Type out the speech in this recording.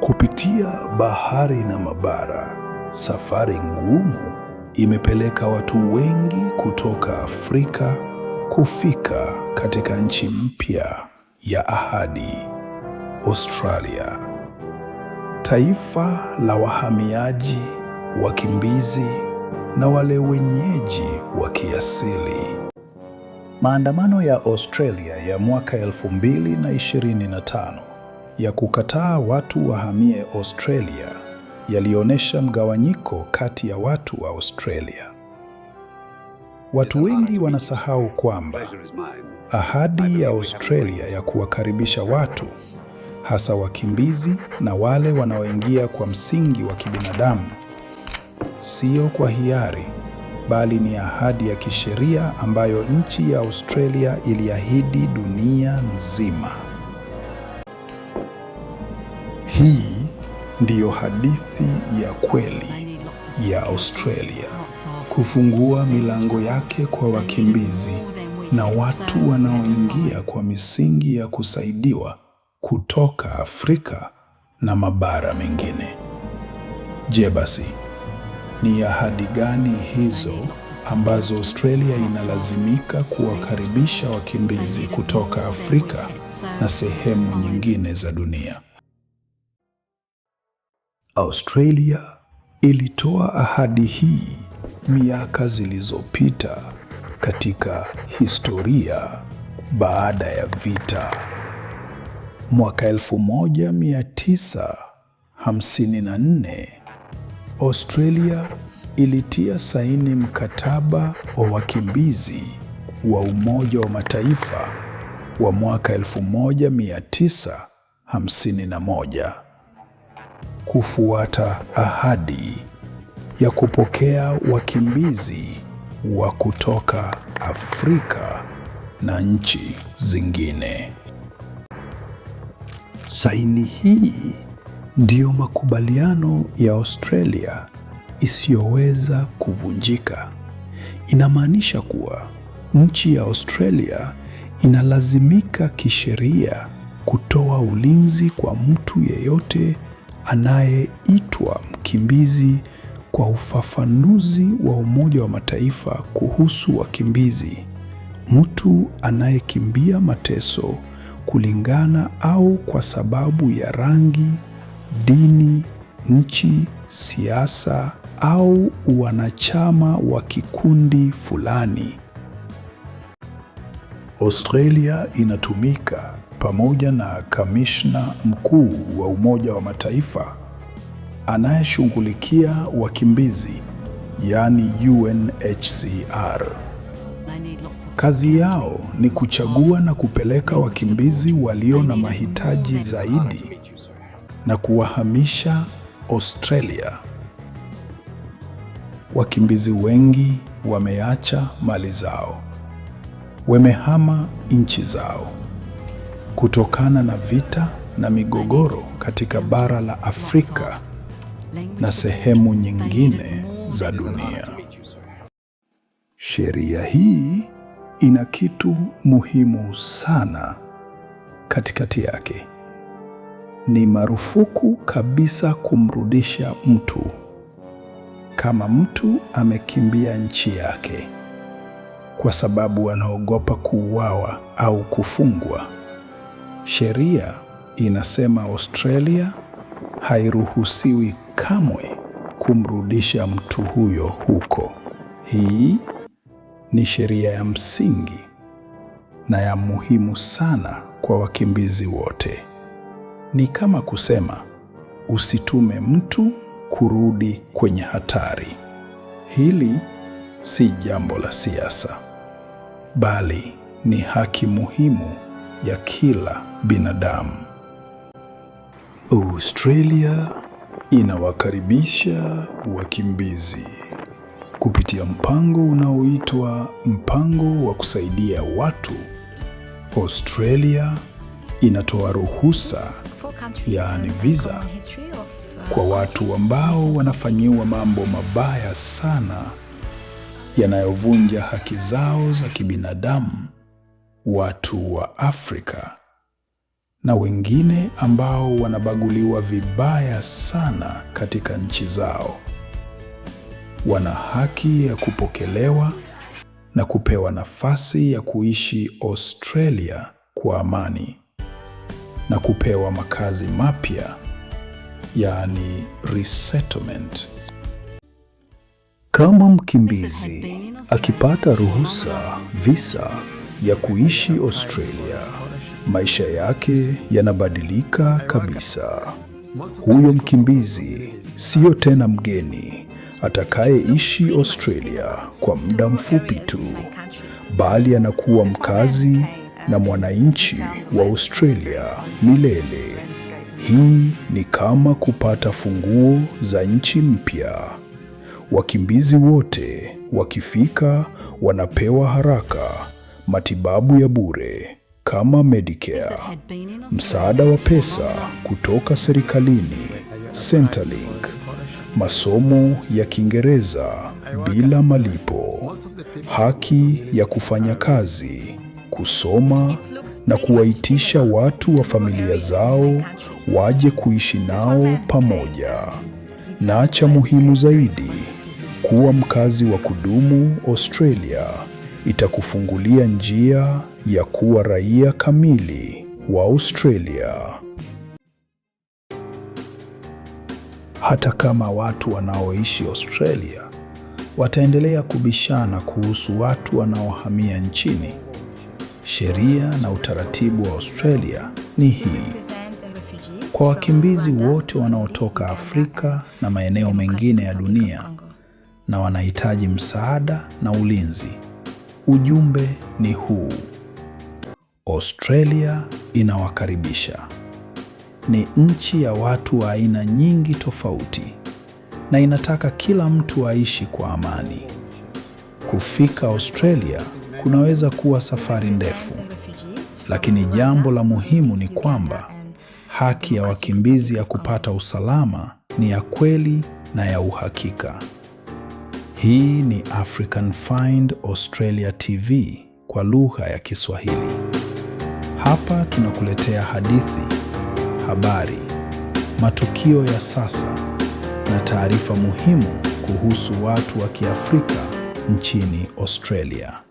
Kupitia bahari na mabara, safari ngumu imepeleka watu wengi kutoka Afrika kufika katika nchi mpya ya ahadi, Australia. Taifa la wahamiaji, wakimbizi na wale wenyeji wa kiasili. Maandamano ya Australia ya mwaka 2025 ya kukataa watu wahamie Australia yalionyesha mgawanyiko kati ya watu wa Australia. Watu wengi wanasahau kwamba ahadi ya Australia ya kuwakaribisha watu hasa wakimbizi na wale wanaoingia kwa msingi wa kibinadamu, sio kwa hiari, bali ni ahadi ya kisheria ambayo nchi ya Australia iliahidi dunia nzima. Hii ndiyo hadithi ya kweli ya Australia kufungua milango yake kwa wakimbizi na watu wanaoingia kwa misingi ya kusaidiwa kutoka Afrika na mabara mengine. Je, basi ni ahadi gani hizo ambazo Australia inalazimika kuwakaribisha wakimbizi kutoka Afrika na sehemu nyingine za dunia? Australia ilitoa ahadi hii miaka zilizopita katika historia baada ya vita. Mwaka 1954 Australia ilitia saini mkataba wa wakimbizi wa Umoja wa Mataifa wa mwaka 1951 kufuata ahadi ya kupokea wakimbizi wa kutoka Afrika na nchi zingine. Saini hii ndiyo makubaliano ya Australia isiyoweza kuvunjika. Inamaanisha kuwa nchi ya Australia inalazimika kisheria kutoa ulinzi kwa mtu yeyote anayeitwa mkimbizi kwa ufafanuzi wa Umoja wa Mataifa kuhusu wakimbizi, mtu anayekimbia mateso kulingana au kwa sababu ya rangi, dini, nchi, siasa au wanachama wa kikundi fulani. Australia inatumika pamoja na kamishna mkuu wa Umoja wa Mataifa anayeshughulikia wakimbizi yaani UNHCR. Kazi yao ni kuchagua na kupeleka wakimbizi walio na mahitaji zaidi na kuwahamisha Australia. Wakimbizi wengi wameacha mali zao, wamehama nchi zao kutokana na vita na migogoro katika bara la Afrika na sehemu nyingine za dunia. Sheria hii ina kitu muhimu sana katikati yake. Ni marufuku kabisa kumrudisha mtu kama mtu amekimbia nchi yake kwa sababu anaogopa kuuawa au kufungwa sheria inasema Australia hairuhusiwi kamwe kumrudisha mtu huyo huko. Hii ni sheria ya msingi na ya muhimu sana kwa wakimbizi wote. Ni kama kusema usitume mtu kurudi kwenye hatari. Hili si jambo la siasa, bali ni haki muhimu ya kila binadamu. Australia inawakaribisha wakimbizi kupitia mpango unaoitwa mpango wa kusaidia watu. Australia inatoa ruhusa yaani visa kwa watu ambao wanafanyiwa mambo mabaya sana yanayovunja haki zao za kibinadamu watu wa Afrika na wengine ambao wanabaguliwa vibaya sana katika nchi zao. Wana haki ya kupokelewa na kupewa nafasi ya kuishi Australia kwa amani na kupewa makazi mapya yaani resettlement. Kama mkimbizi akipata ruhusa visa ya kuishi Australia. Maisha yake yanabadilika kabisa. Huyo mkimbizi siyo tena mgeni atakayeishi Australia kwa muda mfupi tu, bali anakuwa mkazi na mwananchi wa Australia milele. Hii ni kama kupata funguo za nchi mpya. Wakimbizi wote wakifika wanapewa haraka matibabu ya bure kama Medicare, msaada wa pesa kutoka serikalini Centrelink, masomo ya Kiingereza bila malipo, haki ya kufanya kazi, kusoma na kuwaitisha watu wa familia zao waje kuishi nao pamoja, na cha muhimu zaidi, kuwa mkazi wa kudumu Australia itakufungulia njia ya kuwa raia kamili wa Australia. Hata kama watu wanaoishi Australia wataendelea kubishana kuhusu watu wanaohamia nchini, sheria na utaratibu wa Australia ni hii. Kwa wakimbizi wote wanaotoka Afrika na maeneo mengine ya dunia na wanahitaji msaada na ulinzi Ujumbe ni huu: Australia inawakaribisha. Ni nchi ya watu wa aina nyingi tofauti na inataka kila mtu aishi kwa amani. Kufika Australia kunaweza kuwa safari ndefu, lakini jambo la muhimu ni kwamba haki ya wakimbizi ya kupata usalama ni ya kweli na ya uhakika. Hii ni African Find Australia TV kwa lugha ya Kiswahili. Hapa tunakuletea hadithi, habari, matukio ya sasa na taarifa muhimu kuhusu watu wa Kiafrika nchini Australia.